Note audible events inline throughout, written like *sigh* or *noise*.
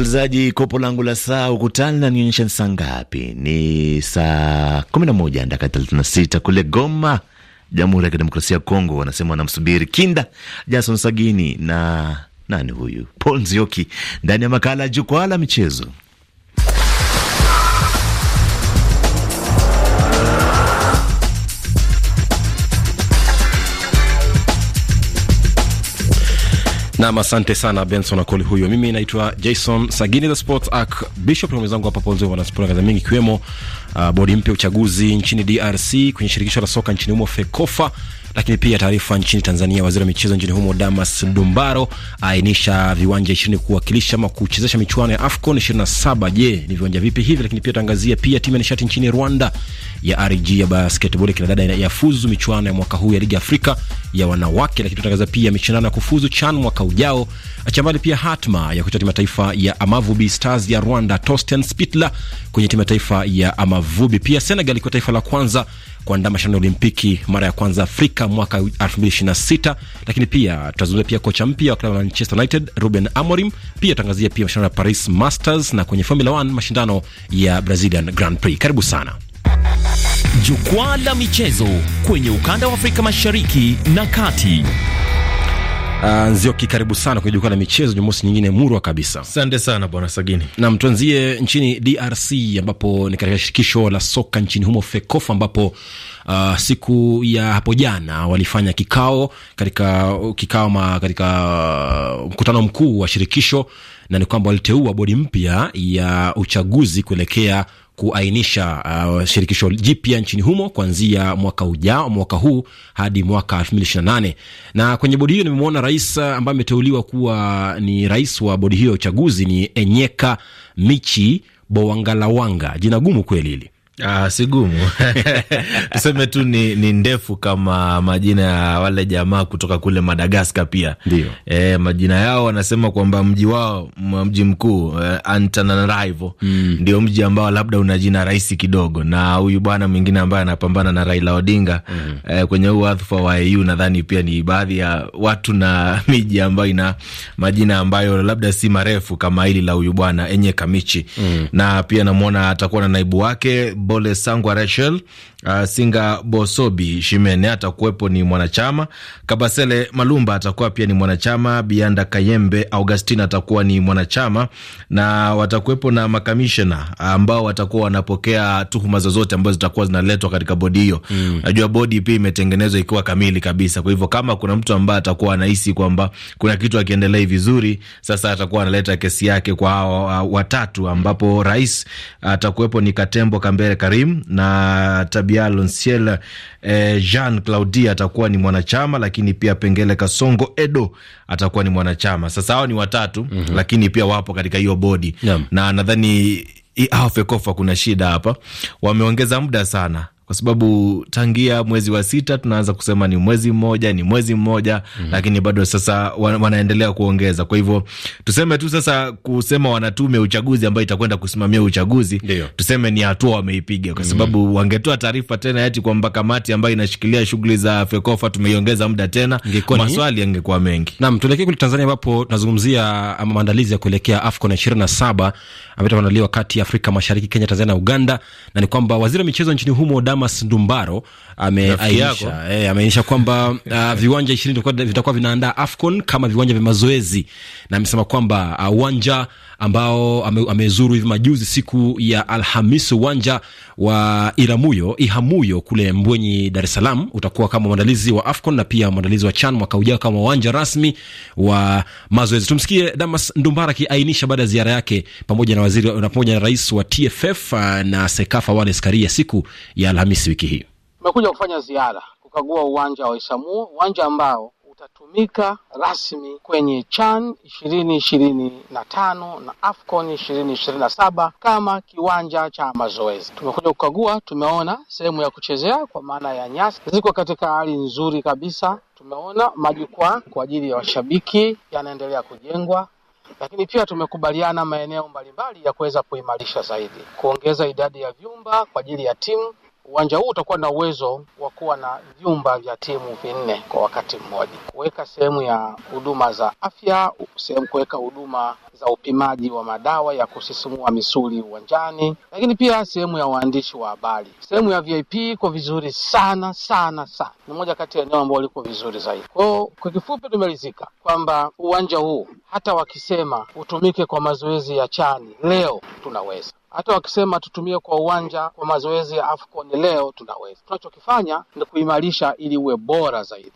Msikilizaji, kopo langu la saa ukutani na nionyesha ni saa ngapi? Ni saa 11 dakika 36 kule Goma, Jamhuri ya Kidemokrasia ya Kongo. Wanasema wanamsubiri Kinda Jason Sagini na nani huyu Paul Nzioki ndani ya makala ya Jukwaa la Michezo. Nam, asante sana Benson Akoli huyo. Mimi naitwa Jason Sagini, the sports arc bishop na mwenzangu hapa Ponzo wanaspora kaza mingi ikiwemo uh, bodi mpya uchaguzi nchini DRC kwenye shirikisho la soka nchini humo FEKOFA, lakini pia taarifa nchini Tanzania, waziri wa michezo nchini humo Damas Dumbaro aainisha viwanja ishirini kuwakilisha ama kuchezesha michuano ya AFCON saba. Je, ni viwanja vipi hivi? Lakini pia tangazia pia timu ya nishati nchini Rwanda ya RG ya basketball kina dada yafuzu michuano ya mwaka huu ya ligi Afrika ya wanawake, lakini tutangaza pia michuano ya kufuzu CHAN mwaka ujao. Achambali pia hatma ya kucheza timu taifa ya Amavubi Stars ya Rwanda, Torsten Spittler kwenye timu taifa ya Amavubi. Pia Senegal ikiwa taifa la kwanza kuandaa mashindano ya Olimpiki mara ya kwanza Afrika mwaka 2026, lakini pia tutazungumzia pia kocha mpya wa klabu ya Manchester United Ruben Amorim. Pia tutangazia pia mashindano ya Paris Masters na kwenye Formula 1 mashindano ya Brazilian Grand Prix. Karibu sana. Jukwaa la michezo kwenye ukanda wa Afrika Mashariki na Kati. Uh, Nzioki, karibu sana kwenye jukwaa la michezo Jumamosi nyingine murwa kabisa. Asante sana bwana Sagini. Nam, tuanzie nchini DRC ambapo ni katika shirikisho la soka nchini humo FECOF, ambapo uh, siku ya hapo jana walifanya kikao katika kikao ma, katika mkutano mkuu wa shirikisho na ni kwamba waliteua bodi mpya ya uchaguzi kuelekea kuainisha uh, shirikisho jipya nchini humo kuanzia mwaka ujao, mwaka huu hadi mwaka 2028. Na kwenye bodi hiyo nimemwona rais uh, ambaye ameteuliwa kuwa ni rais wa bodi hiyo ya uchaguzi ni Enyeka Michi Bowangalawanga. Jina gumu kweli hili. Ah, si gumu *laughs* tuseme tu ni, ni ndefu kama majina ya wale jamaa kutoka kule Madagaskar pia ndio. E, majina yao wanasema kwamba mji wao mji mkuu eh, Antananarivo mm. ndio mji ambao labda una jina rahisi kidogo, na huyu bwana mwingine ambaye anapambana na Raila Odinga mm. eh, kwenye huu wadhifa wa EU nadhani pia ni baadhi ya watu na *laughs* miji ambayo ina majina ambayo labda si marefu kama hili la huyu bwana Enye Kamichi mm. na pia namwona atakuwa na naibu wake Bolesan Guarachel uh, Singa Bosobi Shimene atakuwepo ni mwanachama. Kabasele Malumba atakuwa pia ni mwanachama. Bianda Kayembe Augustin atakuwa ni mwanachama, na watakuwepo na makamishna ambao watakuwa wanapokea tuhuma zozote ambazo zitakuwa zinaletwa katika bodi hiyo. Mm. Najua bodi pia imetengenezwa ikiwa kamili kabisa. Kwa hivyo kama kuna mtu ambaye atakuwa anahisi kwamba kuna kitu akiendelei vizuri, sasa atakuwa analeta kesi yake kwa hawa watatu, ambapo rais atakuwepo ni Katembo Kambere Karim na tabi Fabien Lonciel eh, Jean Claudia atakuwa ni mwanachama, lakini pia Pengele Kasongo Edo atakuwa ni mwanachama. Sasa hao ni watatu mm -hmm. lakini pia wapo katika hiyo bodi yeah. na nadhani Afekofa kuna shida hapa, wameongeza muda sana kwa sababu tangia mwezi wa sita tunaanza kusema ni mwezi mmoja ni mwezi mmoja mm -hmm. Lakini bado sasa wanaendelea kuongeza. Kwa hivyo tuseme tu sasa, kusema wanatume uchaguzi ambayo itakwenda kusimamia uchaguzi Deo. Tuseme ni hatua wameipiga, kwa mhm. sababu mm -hmm. wangetoa taarifa tena eti kwamba kamati ambayo inashikilia shughuli za FEKOFA tumeiongeza muda tena, maswali yangekuwa mengi. Naam, tuelekee kule Tanzania ambapo tunazungumzia ah, maandalizi ya kuelekea AFCON ishirini na saba ambayo itaandaliwa kati ya Afrika Mashariki, Kenya, Tanzania na Uganda, na ni kwamba waziri wa michezo nchini humo Damas Ndumbaro ameainisha eh, ameainisha kwamba *laughs* uh, viwanja ishirini vitakuwa vinaandaa AFCON kama viwanja vya mazoezi, na amesema kwamba uh, uwanja uh, ambao amezuru hivi majuzi siku ya Alhamisi uwanja wa Iramuyo Ihamuyo kule Mbwenyi, Dar es Salaam, utakuwa kama mwandalizi wa AFCON na pia mwandalizi wa CHAN mwaka ujao kama uwanja rasmi wa mazoezi. Tumsikie Damas Ndumbara akiainisha baada ya ziara yake pamoja na waziri na pamoja na rais wa TFF uh, na Sekafa Wallace Karia siku ya Alhamisi wiki hii. Mekuja kufanya ziara kukagua uwanja wa Isamuo, uwanja ambao itatumika rasmi kwenye CHAN ishirini ishirini na tano na AFCON ishirini ishirini na saba kama kiwanja cha mazoezi. Tumekuja kukagua, tumeona sehemu ya kuchezea kwa maana ya nyasi ziko katika hali nzuri kabisa. Tumeona majukwaa kwa ajili ya washabiki yanaendelea kujengwa lakini pia tumekubaliana maeneo mbalimbali ya kuweza kuimarisha zaidi, kuongeza idadi ya vyumba kwa ajili ya timu Uwanja huu utakuwa na uwezo wa kuwa na vyumba vya timu vinne kwa wakati mmoja, kuweka sehemu ya huduma za afya, sehemu kuweka huduma za upimaji wa madawa ya kusisimua misuli uwanjani, lakini pia sehemu ya waandishi wa habari. Sehemu ya VIP iko vizuri sana sana sana, ni moja kati ya eneo ambalo liko vizuri zaidi. Kwao kwa kifupi, tumeridhika kwamba uwanja huu hata wakisema utumike kwa mazoezi ya chani leo, tunaweza hata wakisema tutumie kwa uwanja kwa mazoezi ya AFCON leo, tunaweza. Tunachokifanya ni kuimarisha ili uwe bora zaidi.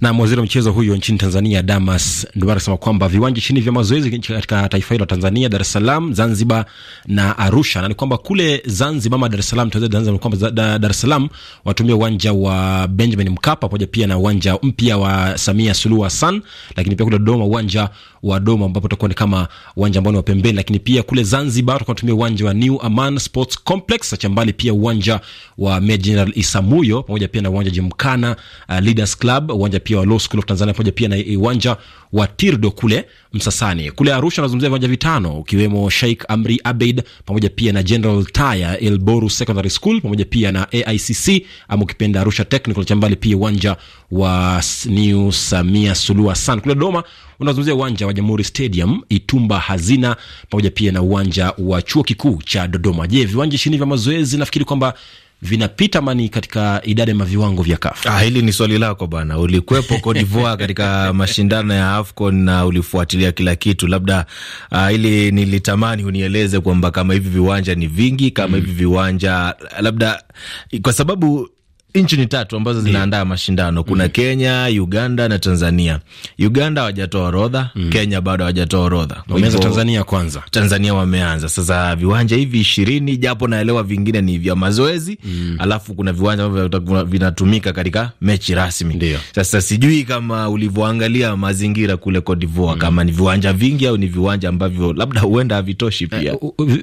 Na waziri wa michezo huyo nchini Tanzania Damas Nduwara anasema kwamba viwanja chini vya mazoezi katika taifa hilo la Tanzania, Dar es Salaam, Zanzibar na Arusha, na ni kwamba kule Zanzibar ama Dar es Salaam, kwamba Dar es Salaam watumia uwanja wa Benjamin Mkapa pamoja pia na uwanja mpya wa Samia Suluhu Hassan, lakini pia kule Dodoma uwanja wa Dodoma ambapo utakuwa ni kama uwanja ambao ni wa pembeni, lakini pia kule Zanzibar tutakuwa natumia uwanja wa New Aman Sports Complex Achambali, pia uwanja wa Meja General Isamuyo pamoja pia na uwanja Jimkana, uh, Leaders Club, uwanja pia wa Law School of Tanzania pamoja pia na uwanja wa Tirdo kule Msasani. Kule Arusha anazungumzia viwanja vitano ukiwemo Sheikh Amri Abeid pamoja pia na General Taya Elboru Secondary School pamoja pia na AICC ama ukipenda Arusha Technical mbali, pia uwanja wa New Samia Suluhu Hassan. Kule Dodoma unazungumzia uwanja wa Jamhuri Stadium, Itumba Hazina pamoja pia na uwanja wa chuo kikuu cha Dodoma. Je, viwanja ishirini vya mazoezi nafikiri kwamba vinapita mani katika idadi ya maviwango vya kafu. Ah, hili ni swali lako bwana. Ulikuwepo *laughs* Cote d'Ivoire katika mashindano ya AFCON na ulifuatilia kila kitu, labda ah, ili nilitamani unieleze kwamba kama hivi viwanja ni vingi kama mm, hivi viwanja labda kwa sababu nchi ni tatu ambazo zinaandaa yeah. mashindano. Kuna mm Kenya, Uganda na Tanzania. Uganda hawajatoa orodha mm Kenya bado hawajatoa orodha, wameanza Tanzania kwanza. Tanzania wameanza sasa viwanja hivi ishirini, japo naelewa vingine ni vya mazoezi mm alafu kuna viwanja ambavyo vinatumika katika mechi rasmi. Ndiyo. Sasa sijui kama ulivyoangalia mazingira kule Cote d'Ivoire mm kama ni viwanja vingi au ni viwanja ambavyo labda huenda havitoshi eh, pia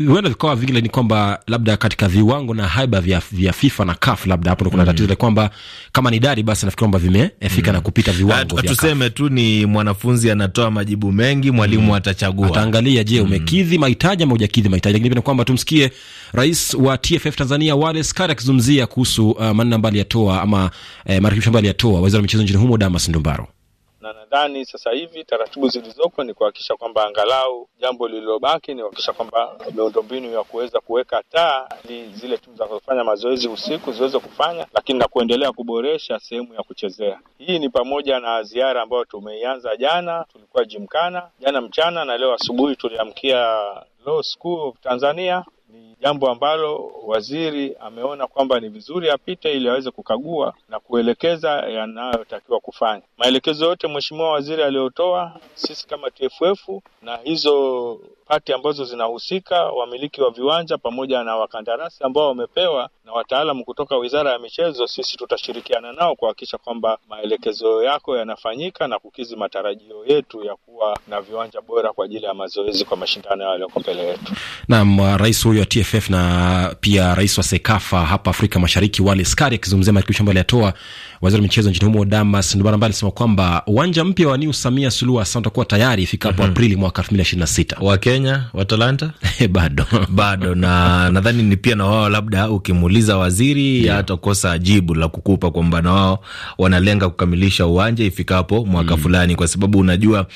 huenda eh, vikawa vingine ni kwamba labda katika viwango na haiba vya, vya FIFA na CAF labda hapo kuna mm. tatizo vizuri ile kwamba kama ni dari basi nafikiri kwamba vimefika mm. na kupita ah, viwango vya tuseme tu ni mwanafunzi anatoa majibu mengi, mwalimu mm. atachagua, ataangalia, je, mm. umekidhi mahitaji ama hujakidhi mahitaji. Lakini pia kwamba tumsikie rais wa TFF Tanzania Wallace Karia akizungumzia kuhusu uh, maneno ambayo aliyatoa ama uh, marekebisho ambayo aliyatoa waziri wa michezo nchini humo Damas Ndumbaro na nadhani sasa hivi taratibu zilizoko ni kuhakikisha kwamba angalau jambo lililobaki ni kuhakikisha kwamba miundombinu ya kuweza kuweka taa ili zile timu za kufanya mazoezi usiku ziweze kufanya, lakini na kuendelea kuboresha sehemu ya kuchezea. Hii ni pamoja na ziara ambayo tumeianza jana, tulikuwa Jimkana jana mchana na leo asubuhi tuliamkia Law School of Tanzania ni jambo ambalo waziri ameona kwamba ni vizuri apite ili aweze kukagua na kuelekeza yanayotakiwa kufanya. Maelekezo yote mheshimiwa waziri aliyotoa, sisi kama TFF na hizo pati ambazo zinahusika, wamiliki wa viwanja pamoja na wakandarasi ambao wamepewa na wataalamu kutoka Wizara ya Michezo. Sisi tutashirikiana nao kuhakikisha kwamba maelekezo yako yanafanyika na kukizi matarajio yetu ya kuwa na viwanja bora kwa ajili ya mazoezi kwa mashindano yaliyoko mbele yetu. Naam, rais huyo wa TFF na pia rais wa SEKAFA hapa Afrika Mashariki Wale Skari akizungumzia marekebisho ambayo aliyatoa waziri wa michezo nchini humo Damas Ndumbaro, ambaye alisema kwamba uwanja mpya wa New Samia Suluhu Hassan utakuwa tayari ifikapo mm -hmm. Aprili mwaka elfu mbili na ishirini na sita. Wakenya Watalanta *laughs* eh, bado *laughs* bado, na nadhani ni pia na wao, labda ukimuuliza waziri yeah, atakosa jibu la kukupa kwamba na wao wanalenga kukamilisha uwanja ifikapo mwaka mm, fulani, kwa sababu unajua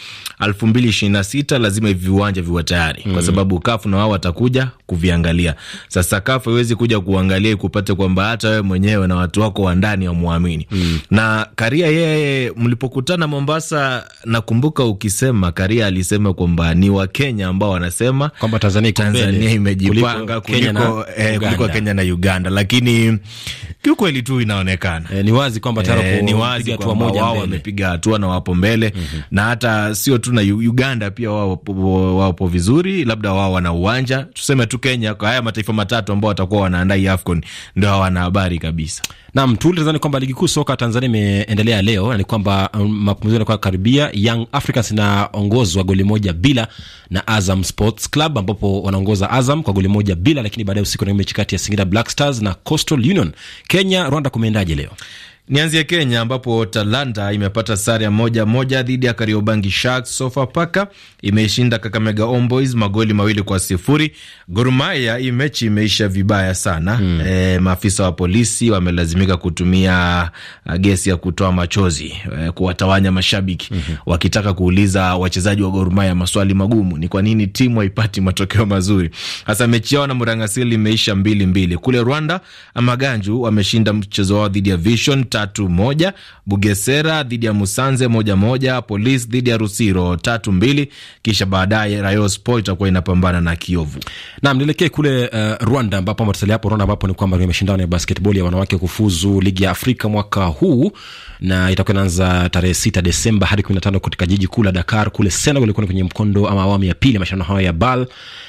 elfu mbili ishirini na sita lazima hivi viwanja viwe tayari mm, kwa sababu kafu na wao watakuja kuviangalia. Sasa kafu haiwezi kuja kuangalia ikupate kwamba hata wewe mwenyewe na watu wako wa ndani wamwamini mm. na Karia yeye, mlipokutana Mombasa, nakumbuka ukisema Karia alisema kwamba ni Wakenya ambao ambao wanasema kwamba Tanzania, Tanzania imejipanga kuliko Kenya, eh, Kenya na Uganda, lakini kiukweli tu inaonekana e, ni wazi kwamba e, ni wazi moja wao wamepiga hatua na wapo mbele mm -hmm. na hata sio tu na Uganda pia wao wapo vizuri, labda wao wana uwanja. Tuseme tu Kenya, kwa haya mataifa matatu ambao watakuwa wanaandaa AFCON ndio hawana habari kabisa. Naam, tuulizani kwamba ligi kuu soka Tanzania imeendelea leo na ni kwamba um, mapumziko yanakuwa karibia. Young Africans inaongozwa goli moja bila na Azam Azam Sports Club ambapo wanaongoza Azam kwa goli moja bila, lakini baadaye usiku na mechi kati ya Singida Black Stars na Coastal Union. Kenya Rwanda kumeendaje leo? Nianzie Kenya ambapo Talanta imepata sare ya moja moja dhidi ya Kariobangi Sharks. Sofapaka imeshinda Kakamega Homeboyz magoli mawili kwa sifuri. Gor Mahia, hii mechi imeisha vibaya sana mm. E, maafisa wa polisi wamelazimika kutumia uh, gesi ya kutoa machozi e, kuwatawanya mashabiki mm hmm. wakitaka kuuliza wachezaji wa Gor Mahia maswali magumu, ni kwa nini timu haipati matokeo mazuri. Hasa mechi yao na Murangasili imeisha mbili mbili. Kule Rwanda, Amaganju wameshinda mchezo wao dhidi ya Vision tatu moja, Bugesera dhidi ya Musanze moja moja, Polisi dhidi ya Rusiro tatu mbili, kisha baadaye Rayon Sport itakuwa inapambana na kiovu Naam, nielekee kule uh, Rwanda ambapo hapo Rwanda ambapo ni kwamba ni mashindano ya basketball ya wanawake kufuzu ligi ya Afrika mwaka huu na itakuwa inaanza tarehe sita Desemba hadi kumi na tano katika jiji kuu la Dakar kule Senegal, ilikuwa kwenye mkondo ama awamu ya pili ya mashindano hayo ya BAL,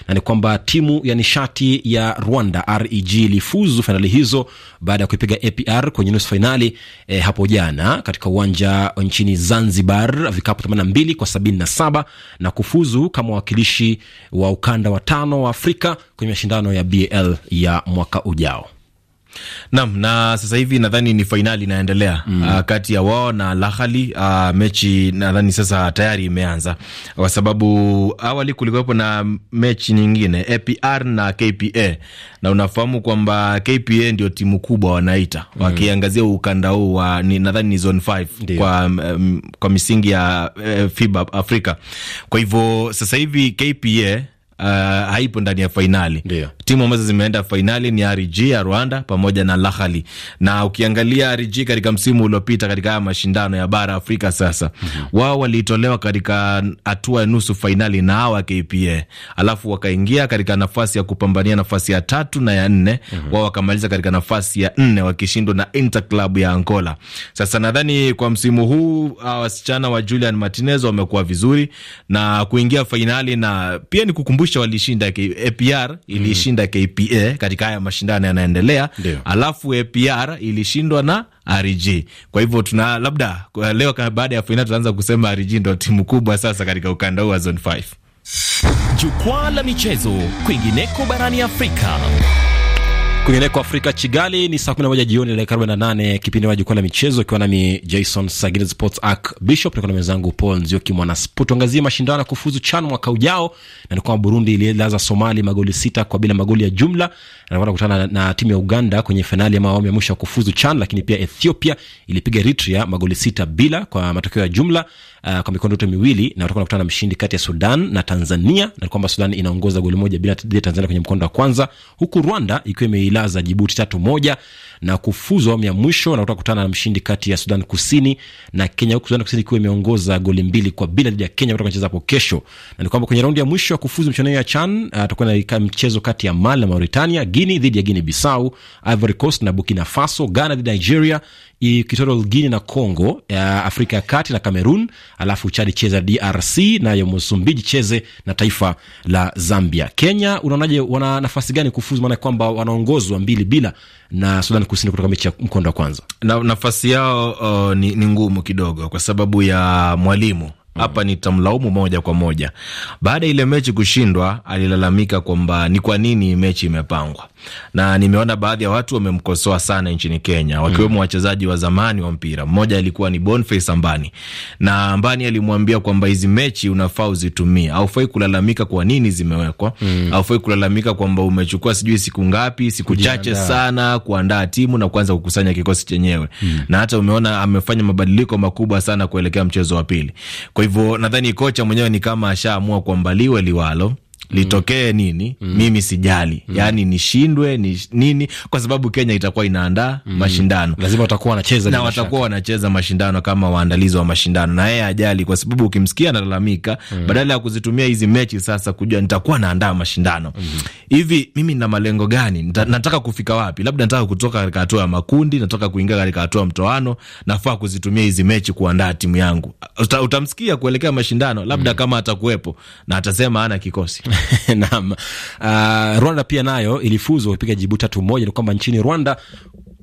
na ni kwamba timu ya nishati ya Rwanda REG ilifuzu fainali hizo baada ya kuipiga APR kwenye nusu fainali e, hapo jana katika uwanja nchini Zanzibar vikapu 82 kwa 77 na kufuzu kama wawakilishi wa ukanda wa tano wa Afrika kwenye mashindano ya BAL ya mwaka ujao. Naam, na sasa hivi nadhani ni fainali inaendelea mm. uh, kati ya wao na Lahali. Uh, mechi nadhani sasa tayari imeanza, kwa sababu awali kulikuwepo na mechi nyingine APR na KPA, na unafahamu kwamba KPA ndio timu kubwa wanaita mm. wakiangazia ukanda huu wa nadhani ni zone 5 kwa, um, kwa misingi ya uh, FIBA Afrika. Kwa hivyo sasa hivi KPA uh, haipo ndani ya fainali. Ndio. Timu ambazo zimeenda fainali ni RG ya Rwanda pamoja na Lahali, na ukiangalia RG katika msimu uliopita katika haya mashindano ya bara Afrika sasa mm -hmm. wao walitolewa katika hatua ya nusu fainali na hawa KPA, alafu wakaingia katika nafasi ya kupambania nafasi ya tatu na ya nne mm -hmm. wao wakamaliza katika nafasi ya nne wakishindwa na Inter Club ya Angola. Sasa nadhani kwa msimu huu wasichana wa Julian Martinez wamekuwa vizuri na kuingia fainali, na pia ni kukumbusha mwisho walishinda APR eh, ilishinda mm. KPA katika haya mashindano yanaendelea, alafu APR eh, ilishindwa na RG. Kwa hivyo tuna labda leo baada ya fainali tutaanza kusema RG ndo timu kubwa sasa katika ukanda huu wa Zone 5. Jukwaa la michezo kwingineko barani Afrika. Kwingineko Afrika, Chigali ni saa 11 jioni dakika 48, kipindi cha jukwaa la michezo, ikiwa nami Jason Sagiri Sports Arc Bishop, niko na mwenzangu Paul Nzioki mwana Sport. Tuangazie mashindano ya kufuzu CHAN mwaka ujao, na ni kwamba Burundi ililaza Somali magoli sita kwa bila magoli ya jumla, na kukutana na timu ya Uganda kwenye fainali ya awamu ya mwisho ya kufuzu CHAN. Lakini pia Ethiopia ilipiga Eritrea magoli sita bila kwa matokeo ya jumla. Uh, kwa mikondo yote miwili na watakuwa wanakutana na mshindi kati ya Sudan na Tanzania, na kwamba Sudan inaongoza goli moja bila Tanzania kwenye mkondo wa kwanza, huku Rwanda ikiwa imeilaza Jibuti tatu moja na kufuzwa awamu ya mwisho na kutakutana na mshindi kati ya Sudan Kusini na Kenya, huku Sudan Kusini ikiwa imeongoza goli mbili kwa bila dhidi ya Kenya kutoka kucheza hapo kesho. Na ni kwamba kwenye raundi ya mwisho ya kufuzu michuano ya CHAN atakuwa uh, na mchezo kati ya Mali na Mauritania, Guini dhidi ya Guini Bissau, Ivory Coast na Burkina Faso, Ghana dhidi ya Nigeria, Equatorial Guini na Congo, uh, Afrika ya Kati na Cameroon, alafu Chadi cheza DRC, nayo Msumbiji cheze na taifa la Zambia. Kenya unaonaje, wana nafasi gani kufuzu? Maana kwamba wanaongozwa mbili bila na Sudan Kusini kutoka mechi ya mkondo wa kwanza na, nafasi yao uh, ni, ni ngumu kidogo kwa sababu ya mwalimu hapa nitamlaumu moja kwa moja. Baada ya ile mechi kushindwa, alilalamika kwamba ni kwa nini mechi imepangwa, na nimeona baadhi ya watu wamemkosoa sana nchini Kenya, wakiwemo mm. wachezaji wa zamani wa mpira. Mmoja alikuwa ni Boniface Ambani, na Ambani alimwambia kwamba hizi mechi unafaa uzitumie, aufai kulalamika kwa nini zimewekwa mm. aufai kulalamika kwamba umechukua sijui siku ngapi, siku chache sana kuandaa timu na kuanza kukusanya kikosi chenyewe mm. na hata umeona amefanya mabadiliko makubwa sana kuelekea mchezo wa pili kwa hivyo nadhani kocha mwenyewe ni kama ashaamua kwamba liwe liwalo litokee mm. nini mm. mimi sijali mm. yani nishindwe ni nini, kwa sababu Kenya itakuwa inaandaa mm. mashindano, lazima watakuwa wanacheza na watakuwa wanacheza mashindano kama waandalizi wa mashindano, na yeye ajali, kwa sababu ukimsikia analalamika mm. badala ya kuzitumia hizi mechi sasa kujua nitakuwa naandaa mashindano mm. hivi mm. mimi nina malengo gani? Nita, nataka kufika wapi? Labda nataka kutoka katika hatua ya makundi, nataka kuingia katika hatua mtoano, nafaa kuzitumia hizi mechi kuandaa timu yangu. Uta, utamsikia kuelekea mashindano, labda mm. kama atakuwepo na atasema ana kikosi *laughs* Naam. Uh, Rwanda pia nayo ilifuzu kupiga jibu tatu moja. Ni kwamba nchini Rwanda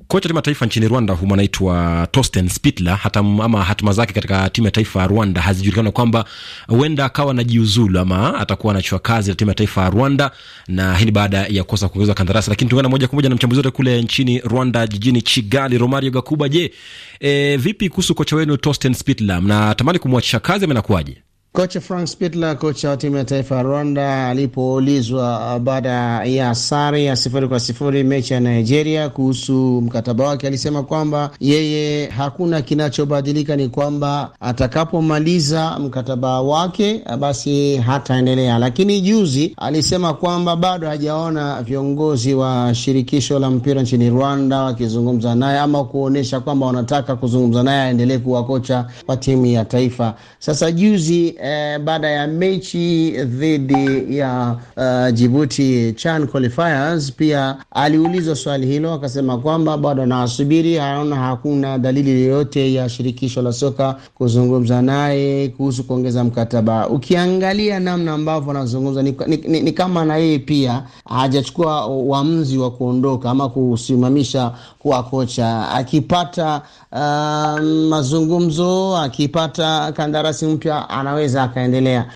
kocha timu ya taifa nchini Rwanda huyu anaitwa Torsten Spittler, hata ama hatima zake katika timu ya taifa ya Rwanda hazijulikana, kwamba huenda akawa anajiuzulu ama atakuwa anachua kazi na timu ya taifa ya Rwanda, na hii ni baada ya kukosa kuongezwa kandarasi. Lakini tungana moja kwa moja na mchambuzi wote kule nchini Rwanda, jijini Kigali, Romario Gakuba. Je, e, vipi kuhusu kocha wenu Torsten Spittler, mnatamani kumwachisha kazi ama inakuwaje? Kocha Frank spitler kocha wa timu ya taifa ya Rwanda, alipoulizwa baada ya sare ya sifuri kwa sifuri mechi ya Nigeria kuhusu mkataba wake, alisema kwamba yeye hakuna kinachobadilika, ni kwamba atakapomaliza mkataba wake basi hataendelea. Lakini juzi alisema kwamba bado hajaona viongozi wa shirikisho la mpira nchini Rwanda wakizungumza naye ama kuonyesha kwamba wanataka kuzungumza naye aendelee kuwa kocha wa timu ya taifa. Sasa juzi eh, baada ya mechi dhidi ya uh, Djibouti CHAN qualifiers. Pia aliulizwa swali hilo akasema kwamba bado anawasubiri, anaona hakuna dalili yoyote ya shirikisho la soka kuzungumza naye kuhusu kuongeza mkataba. Ukiangalia namna ambavyo anazungumza ni, ni, ni, ni kama na yeye pia hajachukua uamuzi wa kuondoka ama kusimamisha kuwa kocha. Akipata uh, mazungumzo, akipata kandarasi mpya anaweza anaweza akaendelea.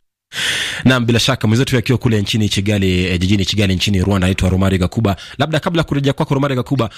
Naam, bila shaka mwenzetu akiwa kule nchini chigali eh, jijini chigali nchini Rwanda, anaitwa Romari Gakuba. Labda kabla ya kurejea kwako Romari Gakuba,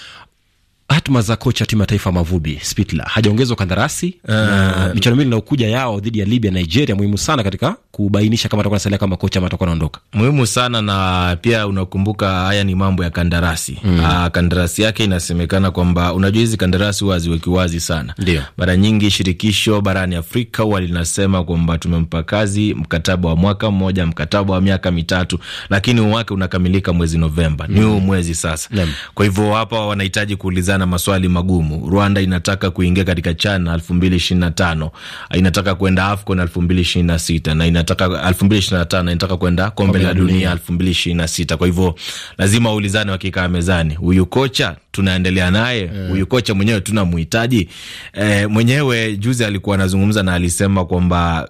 hatma za kocha timu ya taifa Mavubi Spitla hajaongezwa kandarasi uh, na eh, michano mili inayokuja yao dhidi ya Libya, Nigeria, muhimu sana katika kubainisha kama atakuwa nasalia kama kocha ama atakuwa naondoka, muhimu sana na pia unakumbuka, haya ni mambo ya kandarasi mm. Uh, kandarasi yake inasemekana kwamba unajua hizi kandarasi huwa haziweki wazi sana. Ndio mara nyingi shirikisho barani Afrika huwa linasema kwamba tumempa kazi mkataba wa mwaka mmoja, mkataba wa miaka mitatu, lakini wake unakamilika mwezi Novemba mm. ni huu mm. mwezi sasa. Kwa hivyo hapa wanahitaji kuulizana maswali magumu. Rwanda inataka kuingia katika CHAN 2025, inataka kwenda AFCON 2026 na inataka 2025, inataka kwenda kombe la dunia 2026. Kwa hivyo lazima waulizane wakikaa mezani, huyu kocha tunaendelea naye eh. huyu yeah. Kocha mwenyewe tunamhitaji. E, mwenyewe juzi alikuwa anazungumza na alisema kwamba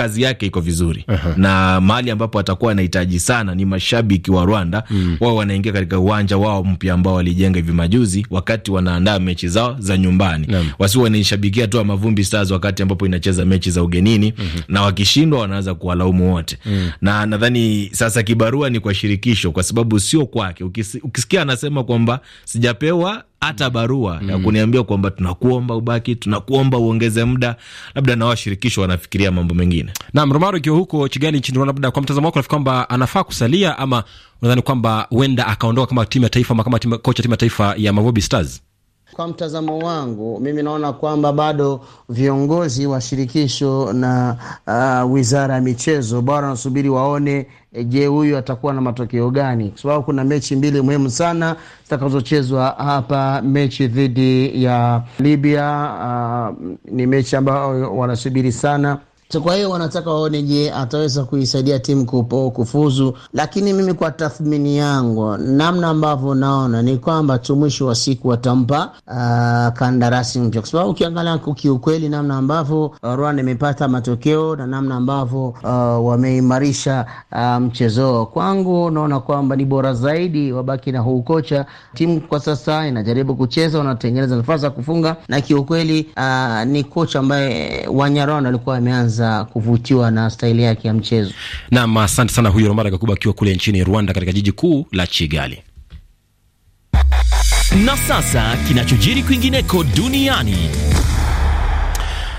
kazi yake iko vizuri uh -huh. na mahali ambapo atakuwa anahitaji sana ni mashabiki wa Rwanda mm. wao wanaingia katika uwanja wao mpya ambao walijenga hivi majuzi, wakati wanaandaa mechi zao za nyumbani mm. wasiwe wanaishabikia tu Mavumbi Stars wakati ambapo inacheza mechi za ugenini mm -hmm. na wakishindwa wanaweza kuwalaumu wote mm. na nadhani sasa kibarua ni kwa shirikisho, kwa sababu sio kwake. Ukisikia anasema kwamba sijapewa hata mm. barua mm ya kuniambia kwamba tunakuomba ubaki, tunakuomba uongeze muda, labda na washirikisho wanafikiria mambo mengine. Naam, Romaro, ikiwa huko Kigali nchini Rwanda, labda kwa mtazamo wako, nafikiri kwamba anafaa kusalia ama unadhani kwamba huenda akaondoka kama timu ya taifa ama kama timu, kocha timu ya taifa ya Mavubi Stars? Kwa mtazamo wangu mimi naona kwamba bado viongozi wa shirikisho na uh, wizara ya michezo bora wanasubiri waone E, je, huyu atakuwa na matokeo gani? Kwa sababu kuna mechi mbili muhimu sana zitakazochezwa hapa. Mechi dhidi ya Libya, uh, ni mechi ambayo wanasubiri sana So kwa hiyo wanataka waone, je, ataweza kuisaidia timu kupo, kufuzu. Lakini mimi kwa tathmini yangu, namna ambavyo naona ni kwamba tu mwisho wa siku watampa uh, kandarasi mpya, kwa sababu ukiangalia kiukweli namna ambavyo uh, Rwanda imepata matokeo na namna ambavyo uh, wameimarisha uh, mchezo, kwangu naona kwamba ni bora zaidi wabaki na huu kocha. Timu kwa sasa inajaribu kucheza, wanatengeneza nafasi za kufunga, na kiukweli uh, ni kocha ambaye Wanyarwanda walikuwa wameanza kuweza kuvutiwa na staili yake ya mchezo. Naam, asante sana huyo Romara Gakuba akiwa kule nchini Rwanda katika jiji kuu la Kigali. Na sasa kinachojiri kwingineko duniani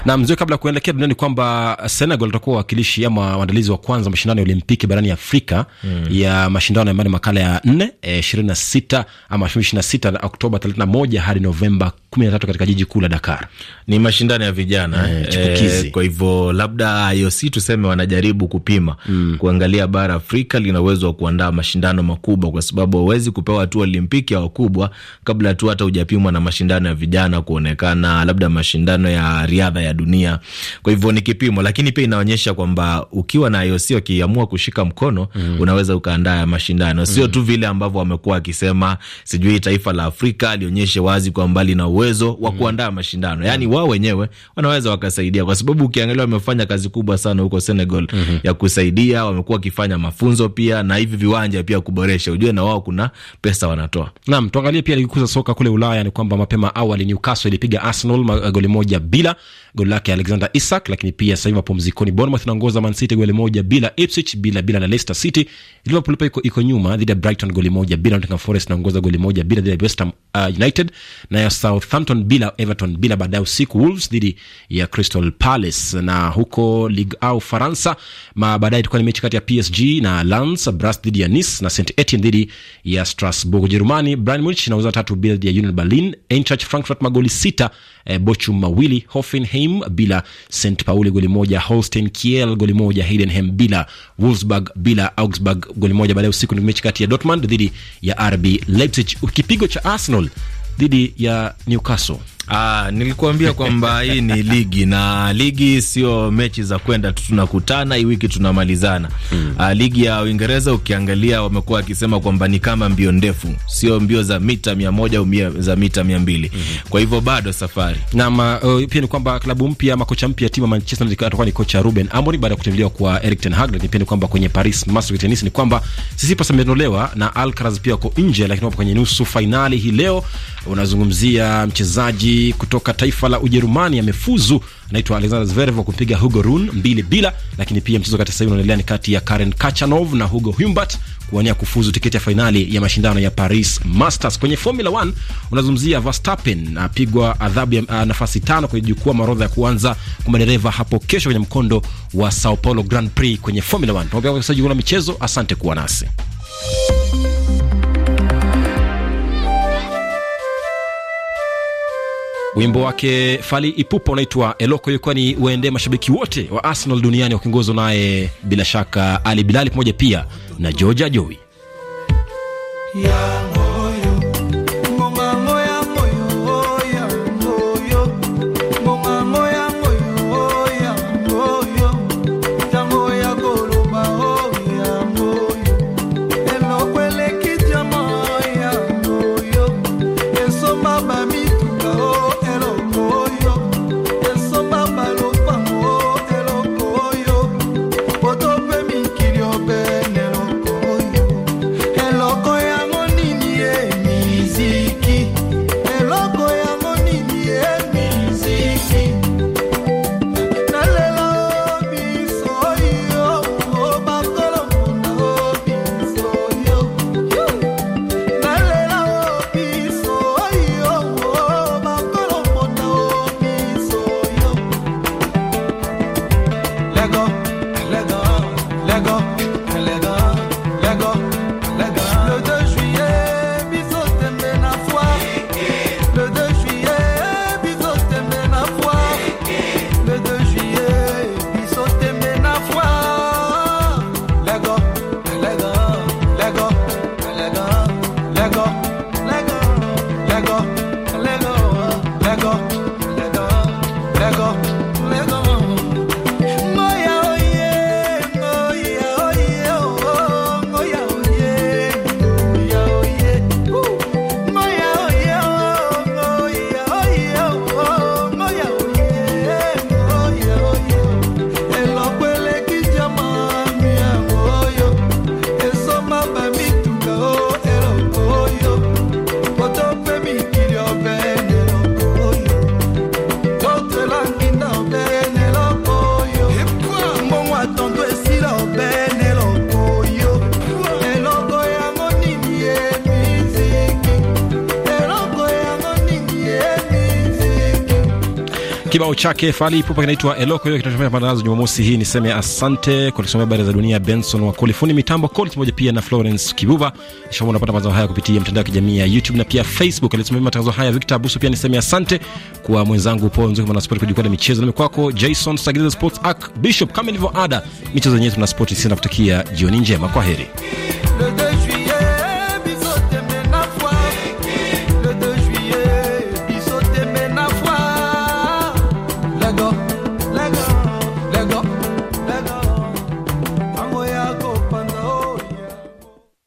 na mzee, kabla ya kuelekea duniani kwamba Senegal watakuwa wawakilishi ama waandalizi wa kwanza mashindano ya Olimpiki barani Afrika mm. ya mashindano ambayo ni makala ya nne eh, ishirini na sita ama ishirini na sita Oktoba 31 hadi Novemba kumi na tatu katika jiji kuu la Dakar. Ni mashindano ya vijana e, chipukizi. E, kwa hivyo labda IOC tuseme wanajaribu kupima mm, kuangalia bara Afrika lina uwezo wa kuandaa mashindano makubwa, kwa sababu hawezi kupewa tu Olimpiki ya wakubwa kabla tu hata hujapimwa na mashindano ya vijana kuonekana, labda mashindano ya riadha ya dunia. Kwa hivyo ni kipimo, lakini pia inaonyesha kwamba ukiwa na IOC wakiamua kushika mkono mm, unaweza ukaandaa mashindano, sio mm, tu vile ambavyo wamekuwa wakisema sijui taifa la Afrika lionyeshe wazi kwamba lina uwezo wa mm-hmm. kuandaa mashindano. Yaani mm-hmm. wao wenyewe wanaweza wakasaidia, kwa sababu ukiangalia wamefanya kazi kubwa sana huko Senegal mm -hmm. ya kusaidia, wamekuwa wakifanya mafunzo pia na hivi viwanja pia kuboresha, ujue na wao kuna pesa wanatoa. Naam, tuangalie pia ligi kuu za soka kule Ulaya ni kwamba mapema awali Newcastle ilipiga Arsenal magoli moja bila goli lake Alexander Isak, lakini pia sasa hivi mapumzikoni Bournemouth inaongoza Man City goli moja bila, Ipswich bila bila na Leicester City. Liverpool pia iko, nyuma dhidi ya Brighton goli moja bila, Nottingham Forest inaongoza goli moja bila dhidi ya West Ham uh, United, nayo Southampton bila, Everton bila. Baadaye usiku Wolves dhidi ya Crystal Palace, na huko Ligue au Faransa baadaye itakuwa ni mechi kati ya PSG na Lens, Brest dhidi ya Nice na St Etienne dhidi ya Strasbourg. Ujerumani, Bayern Munich inauza tatu bila dhidi ya Union Berlin, Eintracht Frankfurt magoli sita, eh, Bochum mawili, Hoffenheim Bremen bila, St Pauli goli moja, Holstein Kiel goli moja, Heidenheim bila, Wolfsburg bila, Augsburg goli moja. Baadaye usiku ni mechi kati ya Dortmund dhidi ya RB Leipzig, kipigo cha Arsenal dhidi ya Newcastle. Ah, nilikuambia kwamba *laughs* hii ni ligi na ligi sio mechi za kwenda tu, tunakutana hii wiki tunamalizana. Mm. Ah, ligi ya Uingereza ukiangalia, wamekuwa wakisema kwamba ni kama mbio ndefu, sio mbio za mita mia moja au za mita mia mbili. Mm -hmm. Kwa hivyo bado safari na ma, uh, oh, pia ni kwamba klabu mpya ama kocha mpya timu ya Manchester United atakuwa ni kocha Ruben Amorim baada ya kuteuliwa kwa Erik ten Hag, lakini pia ni kwamba kwenye Paris Masters tennis ni kwamba Tsitsipas ametolewa na Alcaraz pia uko nje, lakini wapo kwenye nusu fainali hii leo. Unazungumzia mchezaji kutoka taifa la Ujerumani amefuzu, anaitwa Alexander Zverev wa kumpiga Hugo Rune mbili bila. Lakini pia mchezo kati sasa hivi unaendelea ni kati ya Karen Kachanov na Hugo Humbert kuwania kufuzu tiketi ya fainali ya mashindano ya Paris Masters. Kwenye Formula 1 unazungumzia Verstappen apigwa adhabu ya ah, nafasi tano kwenye jukwaa marodha ya kuanza kwa madereva hapo kesho kwenye mkondo wa Sao Paulo Grand Prix kwenye Formula 1. Pamoja na michezo, asante kuwa nasi. Wimbo wake fali Ipupa unaitwa Eloko, ilikuwa ni uende mashabiki wote wa Arsenal duniani wakiongozwa naye bila shaka Ali Bilali pamoja pia na Georgia Joey yeah. let go, let go, let go, let go, let go, let go. Kibao chake fali Ipupa kinaitwa Eloko, hiyo kitatumia matangazo Jumamosi hii. Niseme asante kwa kusomea habari za dunia, Benson wa Kolifuni mitambo Colt moja pia na Florence kibuva Shamba unapata matangazo haya kupitia mtandao wa kijamii ya YouTube na pia Facebook. alisomea matangazo haya Victor Abuso. Pia niseme asante kwa mwenzangu Paul Nzuki mwana sport kujukwaa la michezo, nami kwako Jason Sagiliza Sports Arc Bishop, kama ilivyo ada michezo yenyewe tuna sport sisi, nakutakia jioni njema, kwa heri.